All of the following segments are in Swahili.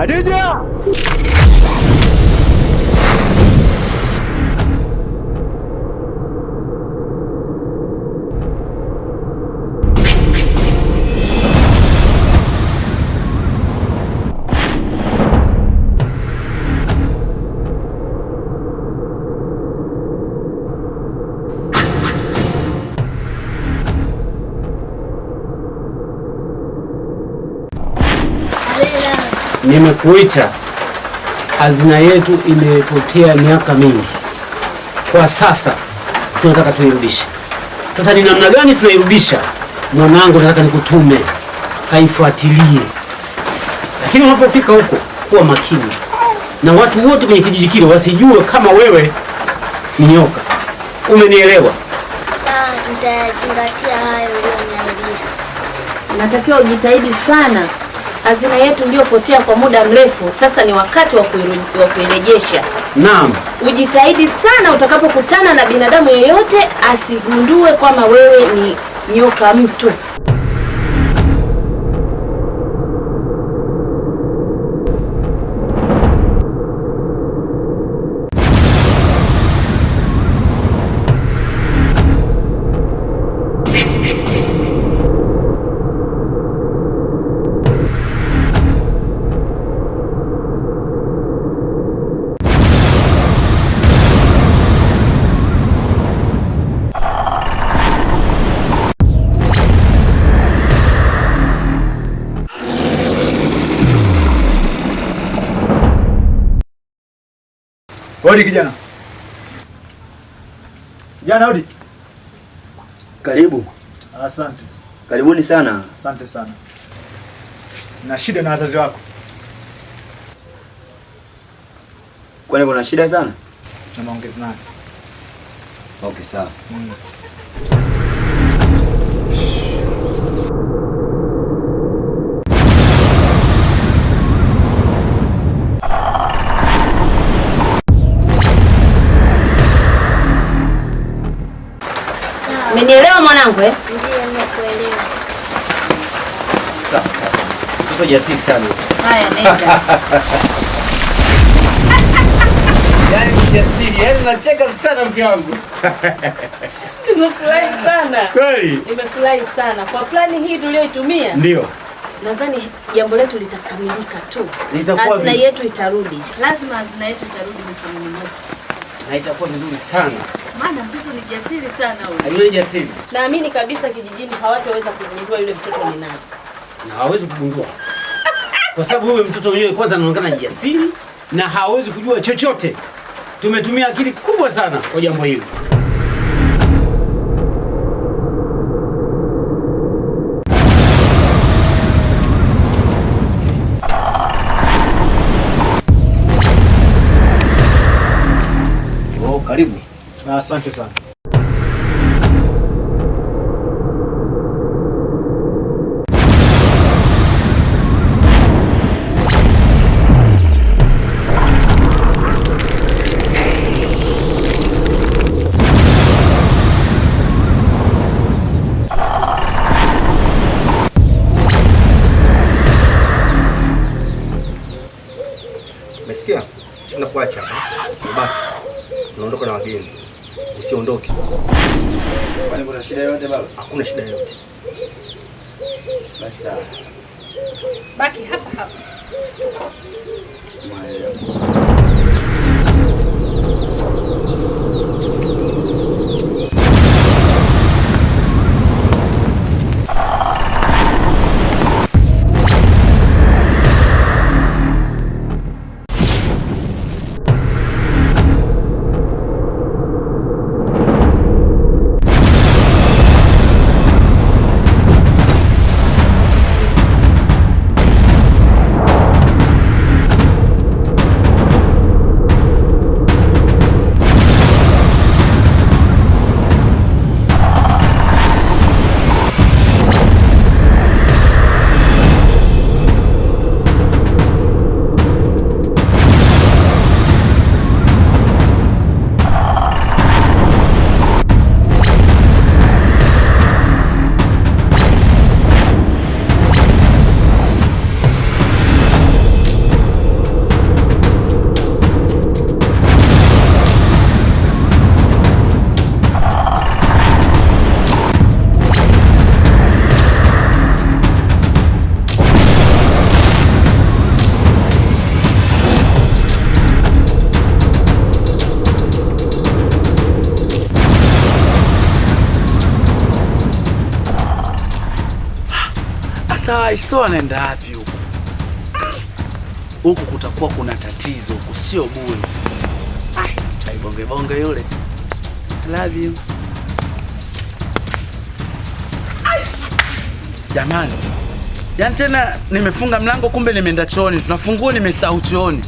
Aruja Nimekuita, hazina yetu imepotea miaka mingi, kwa sasa tunataka tuirudishe. Sasa ni namna gani tunairudisha? Mwanangu, nataka nikutume kaifuatilie, lakini unapofika huko kuwa makini na watu wote kwenye kijiji kile wasijue kama wewe ni nyoka. Umenielewa? Sawa, nitazingatia hayo uliyoniambia. Natakiwa ujitahidi sana hazina yetu iliyopotea kwa muda mrefu, sasa ni wakati wa kuirejesha. Naam, ujitahidi sana utakapokutana na binadamu yeyote asigundue kwamba wewe ni nyoka mtu. Hodi kijana. Kijana hodi. Karibu. Asante. Karibuni sana. Asante sana. Na shida na wazazi wako? Kwani kuna shida sana? Tuna maongezi Okay, sawa. Mm. yangu eh? Ndiyo, nimekuelewa. jasiri sana. Haya, nenda. Yaani yaani nacheka sana mke wangu. Nimefurahi sana. Kweli? Nimefurahi sana. Kwa plani hii tuliyoitumia? Ndio. Nadhani jambo letu litakamilika tu. Litakuwa hazina yetu itarudi. Lazima hazina yetu itarudi mkononi na itakuwa vizuri sana, maana mtoto ni jasiri sana huyu. Yule jasiri, naamini kabisa kijijini hawataweza kugundua yule mtoto ni nani, na hawezi kugundua kwa sababu yule mtoto wenyewe kwanza anaonekana jasiri na hawezi kujua chochote. Tumetumia akili kubwa sana kwa jambo hili. Karibu. Asante sana. Sawa, hakuna shida yoyote. Basi ah. baki hapa hapa. Maya. Ulaya, so anaenda wapi huku? Huku kutakuwa kuna tatizo, huku sio bure. Taibonge bonge yule. love you. Jamani, yaani tena nimefunga mlango, kumbe nimeenda chooni. Tunafungua nimesahau chooni.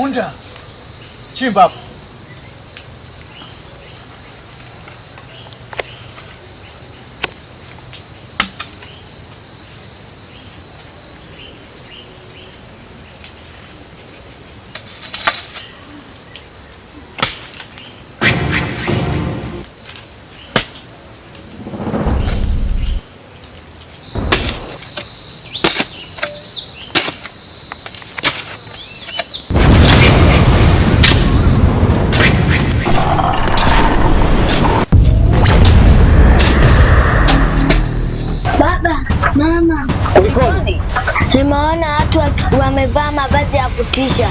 もんじゃんチームバップ kutisha.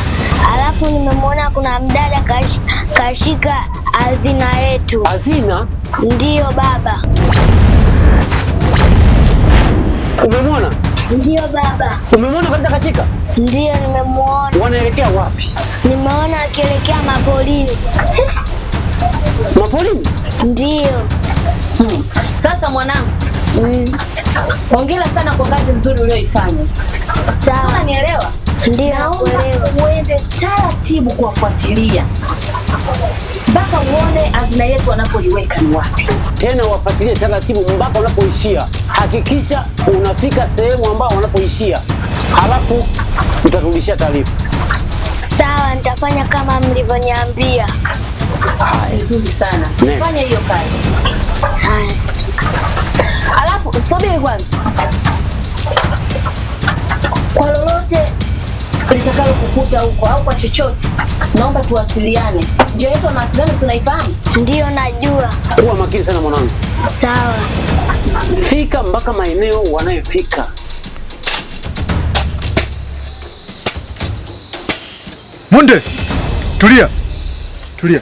Alafu nimemwona kuna mdada kash, kashika hazina yetu. Hazina? Ndiyo baba. Umemwona? Ndiyo baba. Umemwona kabisa kashika? Ndiyo, nimemwona. Wanaelekea wapi? Nimeona akielekea mapolini. Mapolini? Ndiyo. Hmm. Sasa mwanangu, mm. Hongera sana kwa kazi nzuri uliyoifanya. Sawa. Unanielewa? Ndio. Naomba uende taratibu kuwafuatilia mpaka uone azma yetu anapoiweka ni wapi. Tena wafuatilie taratibu mpaka unapoishia. Hakikisha unafika sehemu ambao wanapoishia, halafu utarudishia taarifa. Sawa, nitafanya kama mlivyoniambia. Haya, vizuri sana. Fanya hiyo kazi. Haya, alafu subiri kwanza litakalo kukuta huko au kwa chochote, naomba tuwasiliane. Njia yetu ya mawasiliano tunaifahamu? Ndiyo, najua. Kuwa makini sana mwanangu. Sawa, fika mpaka maeneo wanayofika. Munde, tulia, tulia.